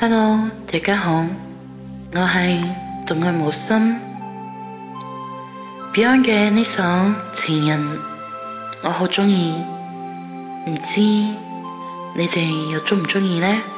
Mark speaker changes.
Speaker 1: Hello，大家好，我係獨愛無芯 Beyond 嘅呢首情人，我好鍾意，唔知你哋又鍾唔鍾意呢？